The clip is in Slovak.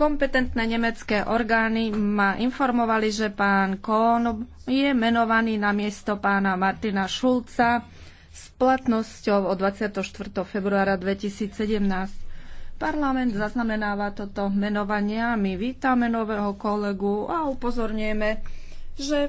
Kompetentné nemecké orgány ma informovali, že pán Kohn je menovaný na miesto pána Martina Šulca s platnosťou od 24. februára 2017. Parlament zaznamenáva toto menovanie a my vítame nového kolegu a upozorňujeme, že v